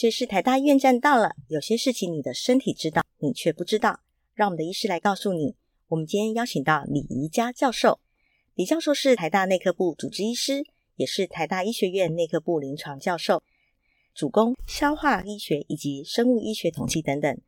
這是台大醫院站到了。有些事情你的身體知道，你卻不知道。讓我們的醫師來告訴你。我們今天邀請到李宜家教授。李教授是台大內科部主治醫師，也是台大醫學院內科部臨床教授，主攻消化醫學以及生物醫學統計等等。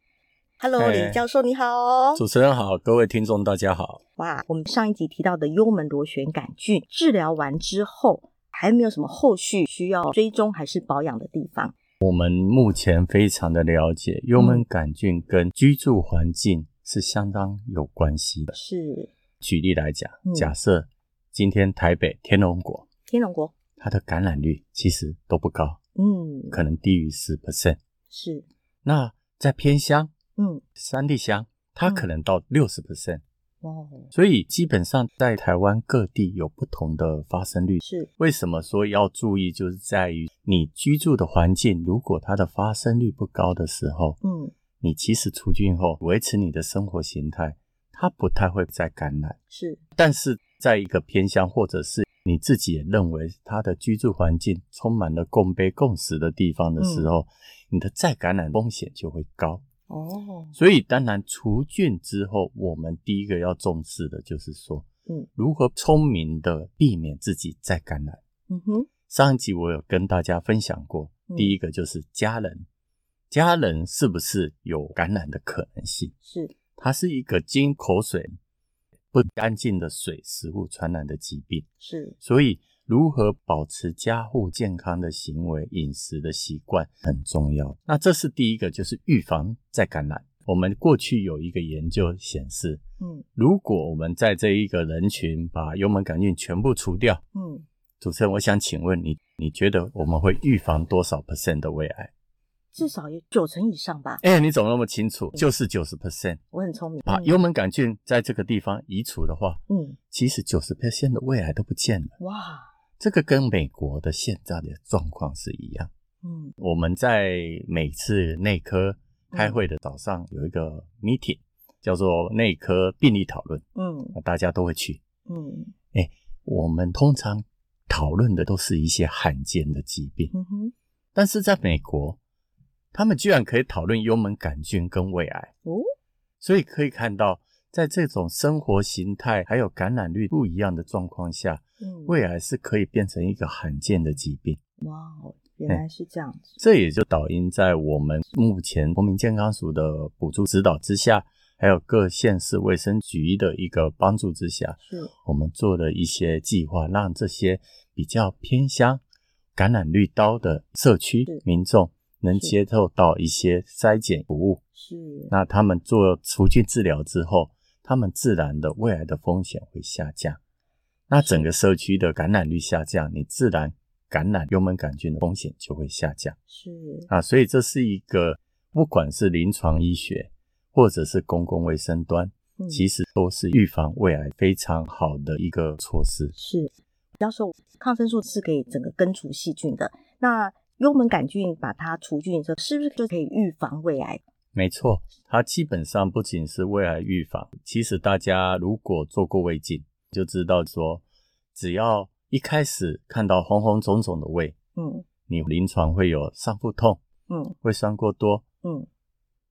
Hello，李教授你好。主持人好，各位聽眾大家好。哇，我們上一集提到的幽門螺旋桿菌治療完之後，還沒有什麼後續需要追蹤還是保養的地方？我們目前非常的了解幽門桿菌跟居住環境是相當有關係的。是、嗯，舉例來講、嗯，假設今天台北天龍國，天龍國它的感染率其實都不高，嗯，可能低於十 percent。是，那在偏鄉，嗯，山地鄉，它可能到六十 percent。哦、wow.，所以基本上在台灣各地有不同的發生率。是，為什麼說要注意？就是在於你居住的環境，如果它的發生率不高的時候，嗯，你其實除菌後維持你的生活形態，它不太會再感染。是，但是在一個偏鄉或者是你自己也認為它的居住環境充滿了共杯共食的地方的時候，嗯、你的再感染風險就會高。哦，所以當然除菌之後，我們第一個要重視的就是說，嗯，如何聰明的避免自己再感染。嗯哼，上一集我有跟大家分享過，嗯，第一個就是家人，家人是不是有感染的可能性？是，它是一個經口水、不乾淨的水、食物傳染的疾病。是，所以。如何保持家戶健康的行為、飲食的習慣很重要。那這是第一個，就是預防再感染。我們過去有一個研究顯示，嗯，如果我們在這一個人群把幽門桿菌全部除掉，嗯，主持人，我想請問你，你覺得我們會預防多少 percent 的胃癌？至少有九成以上吧？誒，欸，你怎麼那麼清楚？嗯，就是九十 percent，我很聰明。把幽門桿菌在這個地方移除的話，嗯，其實九十 percent 的胃癌都不見了。哇！這個跟美國的現在的狀況是一樣。嗯，我們在每次內科開會的早上有一個 meeting，嗯，叫做內科病例討論。嗯，大家都會去。嗯，欸，我們通常討論的都是一些罕見的疾病。嗯哼。但是在美國，他們居然可以討論幽門桿菌跟胃癌。哦。所以可以看到。在這種生活形態還有感染率不一樣的狀況下，嗯、胃癌是可以變成一個罕見的疾病。哇，原來是這樣子。嗯、這也就導因在我們目前國民健康署的補助指導之下，還有各縣市衛生局的一個幫助之下，是，我們做了一些計劃，讓這些比較偏鄉、感染率高的社區民眾能接受到一些篩檢服務是。是，那他們做除菌治療之後。他們自然的胃癌的風險會下降，那整個社區的感染率下降，你自然感染幽門桿菌的風險就會下降。是。啊，所以這是一個不管是臨床醫學或者是公共衛生端，其實都是預防胃癌非常好的一個措施。是。要說抗生素是可以整個根除細菌的，那幽門桿菌把它除菌之後，是不是就可以預防胃癌？沒錯，它基本上不僅是胃癌預防，其實大家如果做過胃鏡，就知道說，只要一開始看到紅紅腫腫的胃，嗯，你臨床會有上腹痛，嗯，胃酸過多，嗯，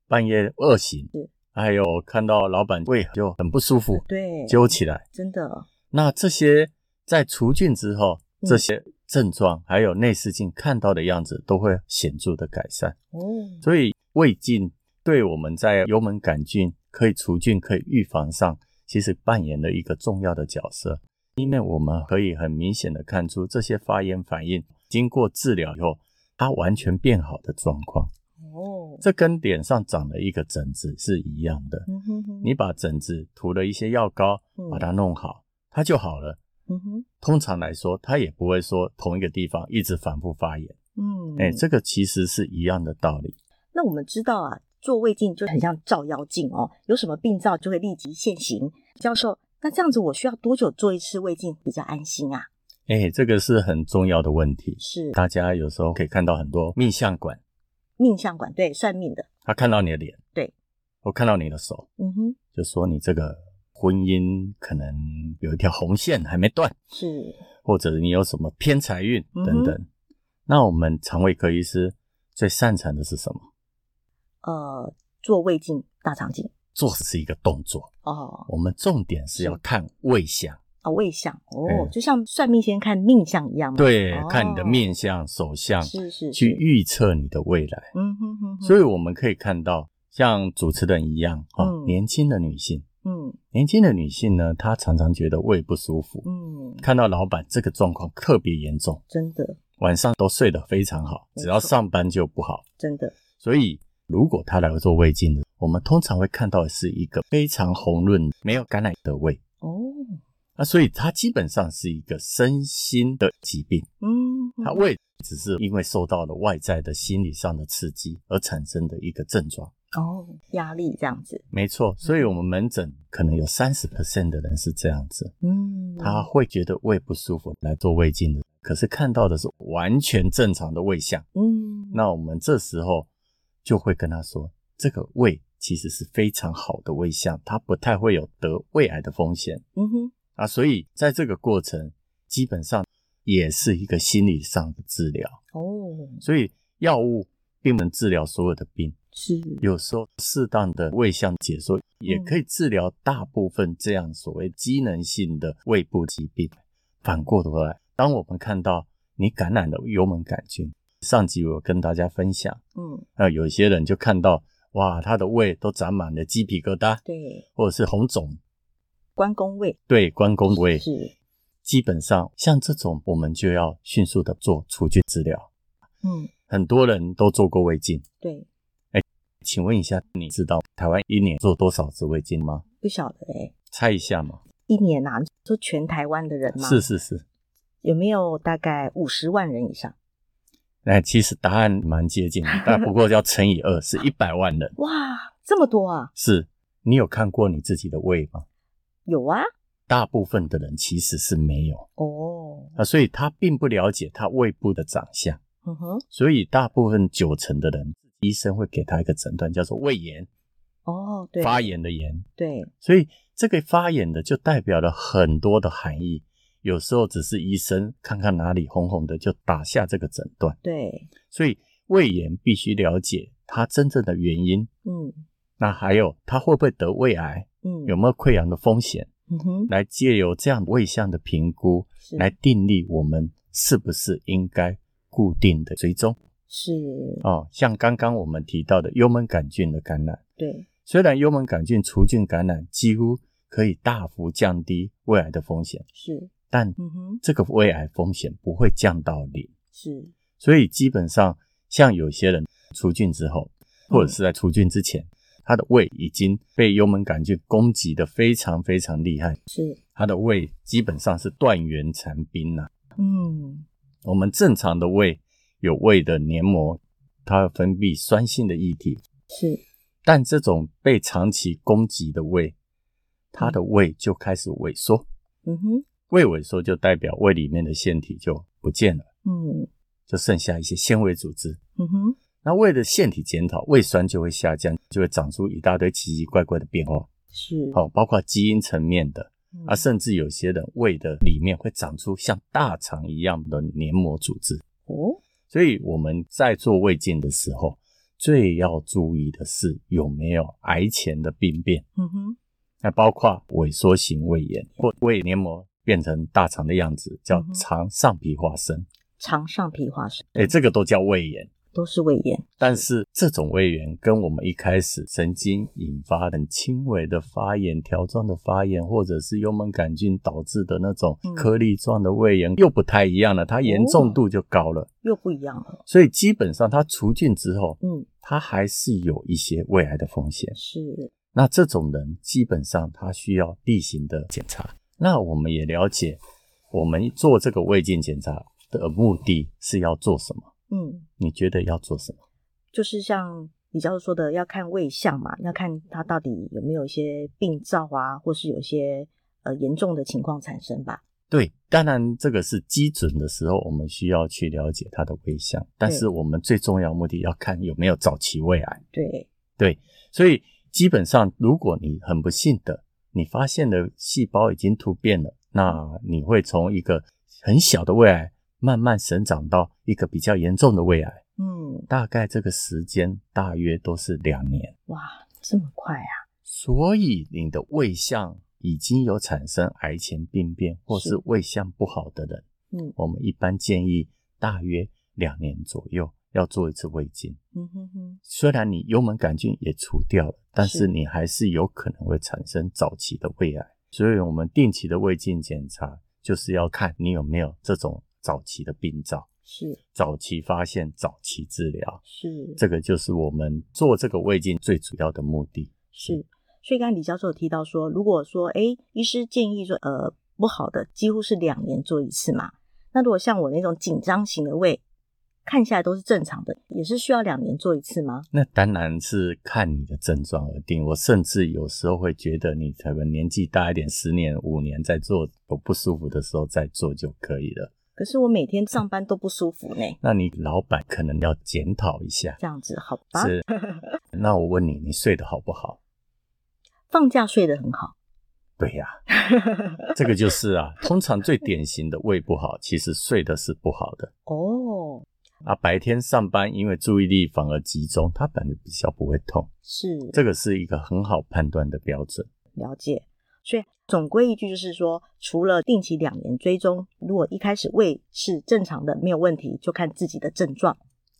半夜餓醒，還有看到老闆胃就很不舒服，對，揪起來，真的。那這些在除菌之後，嗯、這些症狀還有內視鏡看到的樣子，都會顯著的改善。哦、嗯，所以胃鏡。對，我們在幽門桿菌可以除菌，可以預防上，其實扮演了一個重要的角色。因為我們可以很明顯地看出，這些發炎反應經過治療以後，它完全變好的狀況。哦、oh.，這跟臉上長了一個疹子是一樣的。Mm -hmm. 你把疹子塗了一些藥膏，mm -hmm. 把它弄好，它就好了。Mm -hmm. 通常來說，它也不會說同一個地方一直反复發炎。嗯、mm -hmm.，哎，這個其實是一樣的道理。Mm -hmm. 那我們知道啊。做胃鏡就很像照妖鏡哦，有什麼病灶就會立即現形。教授，那這樣子我需要多久做一次胃鏡比較安心啊？哎、欸，這個是很重要的問題。是，大家有時候可以看到很多命相館，命相館，對，算命的，他看到你的臉，對，我看到你的手，嗯哼，就說你這個婚姻可能有一條紅線還沒斷，是，或者你有什麼偏財運等等、嗯。那我們腸胃科醫師最擅長的是什麼？呃，做胃鏡、大腸鏡，做是一個動作哦。我們重點是要看胃相啊，胃相哦、嗯，就像算命仙看命相一樣對、哦，看你的面相、手相，是是、是，去預測你的未來。嗯哼哼。所以我們可以看到，像主持人一樣、啊嗯、年輕的女性，嗯，年輕的女性呢，她常常覺得胃不舒服，嗯，看到老闆這個狀況特別嚴重，真的，晚上都睡得非常好，只要上班就不好，真的。所以。嗯如果他來做胃鏡的，我們通常會看到的是一個非常紅潤、沒有感染的胃哦。那、oh. 啊、所以他基本上是一個身心的疾病，嗯、mm -hmm.，他胃只是因為受到了外在的心理上的刺激而產生的一個症狀哦，oh, 壓力這樣子，沒錯。所以我們門診可能有三十 percent 的人是這樣子，嗯、mm -hmm.，他會覺得胃不舒服來做胃鏡的，可是看到的是完全正常的胃相，嗯、mm -hmm.，那我們這時候。就會跟他說，這個胃其實是非常好的胃相，他不太會有得胃癌的風險。嗯哼啊，所以在這個過程基本上也是一個心理上的治療。哦，所以藥物並不能治療所有的病，是有時候適當的胃相解說也可以治療大部分這樣所謂機能性的胃部疾病。嗯、反過頭來，當我們看到你感染了幽門桿菌。上集我跟大家分享，嗯，那、啊、有些人就看到，哇，他的胃都長滿了雞皮疙瘩，對，或者是紅腫，關公胃，對，關公胃是，是基本上像這種，我們就要迅速的做除菌治療，嗯，很多人都做過胃鏡，對，哎，請問一下，你知道台灣一年做多少支胃鏡嗎？不曉得哎、欸，猜一下嘛，一年啊，做全台灣的人嗎？是是是，有沒有大概五十萬人以上？那其實答案蠻接近的，但不過要乘以二，是一百萬人。 哇，這麼多啊！是，你有看過你自己的胃嗎？有啊。大部分的人其實是沒有哦。Oh. 啊，所以他並不了解他胃部的長相。嗯哼。所以大部分九成的人，醫生會給他一個診斷，叫做胃炎。哦，oh，對。發炎的炎，對。所以這個發炎的就代表了很多的含義。有時候只是醫生看看哪裡紅紅的就打下這個診斷。對，所以胃炎必須了解它真正的原因。嗯，那還有它會不會得胃癌？嗯，有沒有潰瘍的風險？嗯哼，來借由這樣胃相的評估。是。來定義我們是不是應該固定的追蹤。是。哦，像剛剛我們提到的幽門桿菌的感染。對，雖然幽門桿菌除菌感染幾乎可以大幅降低胃癌的風險。是。但這個胃癌風險不會降到零，是，所以基本上像有些人除菌之後、嗯，或者是在除菌之前，他的胃已經被幽門桿菌攻擊得非常非常厲害，是，他的胃基本上是斷垣殘兵了。嗯，我們正常的胃有胃的黏膜，它分泌酸性的液體，是，但這種被長期攻擊的胃，它的胃就開始萎縮。嗯哼。嗯胃萎縮就代表胃裡面的腺體就不見了，嗯，就剩下一些纖維組織。嗯哼，那胃的腺體減少，胃酸就會下降，就會長出一大堆奇奇怪怪的變化。是，哦，包括基因層面的，嗯，啊，甚至有些人胃的裡面會長出像大腸一樣的黏膜組織。哦，所以我們在做胃鏡的時候，最要注意的是有沒有癌前的病變。嗯哼，那包括萎縮型胃炎或胃黏膜。變成大腸的樣子，叫腸上皮化生。腸、嗯、上皮化生，哎、欸，這個都叫胃炎，都是胃炎。但是這種胃炎跟我們一開始神經引發很輕微的發炎、條狀的發炎，或者是幽門桿菌導致的那種顆粒狀的胃炎、嗯、又不太一樣了，它嚴重度就高了、哦，又不一樣了。所以基本上它除菌之後，嗯，它還是有一些胃癌的風險。是，那這種人基本上他需要例行的檢查。那我們也了解，我們做這個胃鏡檢查的目的是要做什麼？嗯，你覺得要做什麼？就是像李教授說的，要看胃相嘛，要看他到底有沒有一些病灶啊，或是有些呃嚴重的情況產生吧。對，當然這個是基準的時候，我們需要去了解他的胃相。但是我們最重要目的要看有沒有早期胃癌。對，對，所以基本上如果你很不幸的。你發現的細胞已經突變了，那你會從一個很小的胃癌慢慢生長到一個比較嚴重的胃癌。嗯，大概這個時間大約都是兩年。哇，這麼快啊！所以你的胃相已經有產生癌前病變，或是胃相不好的人，嗯，我們一般建議大約兩年左右。要做一次胃鏡，嗯哼哼。雖然你幽門桿菌也除掉了，但是你還是有可能會產生早期的胃癌。所以我們定期的胃鏡檢查，就是要看你有沒有這種早期的病灶，是早期發現、早期治療，是這個就是我們做這個胃鏡最主要的目的是。所以剛剛李教授提到說，如果說誒、欸、醫師建議說呃不好的，幾乎是兩年做一次嘛。那如果像我那種緊張型的胃，看下來都是正常的，也是需要兩年做一次嗎？那當然是看你的症狀而定。我甚至有時候會覺得，你可能年紀大一點，十年、五年再做，有不舒服的時候再做就可以了。可是我每天上班都不舒服呢、欸嗯。那你老闆可能要檢討一下。這樣子好吧？是。那我問你，你睡得好不好？放假睡得很好。對呀、啊， 這個就是啊，通常最典型的胃不好，其實睡的是不好的。哦。啊，白天上班，因為注意力反而集中，它反而比較不會痛。是，這個是一個很好判斷的標準。了解。所以總歸一句就是說，除了定期兩年追蹤，如果一開始胃是正常的，沒有問題，就看自己的症狀。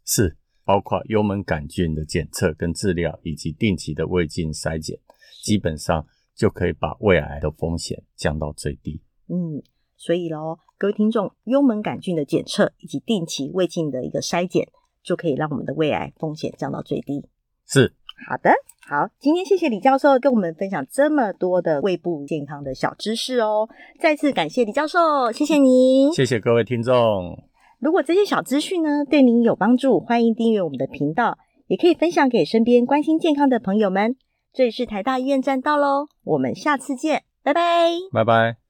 是，包括幽門桿菌的檢測跟治療，以及定期的胃鏡篩檢，基本上就可以把胃癌的風險降到最低。嗯。所以咯，各位聽眾，幽門桿菌的檢測以及定期胃鏡的一個篩檢，就可以讓我們的胃癌風險降到最低。是，好的，好，今天謝謝李教授跟我們分享這麼多的胃部健康的小知識哦，再次感謝李教授，謝謝您。謝謝各位聽眾。如果這些小資訊呢，對您有幫助，歡迎訂閱我們的頻道，也可以分享給身邊關心健康的朋友們。這裡是台大醫院站到嘍，我們下次見，拜拜，拜拜。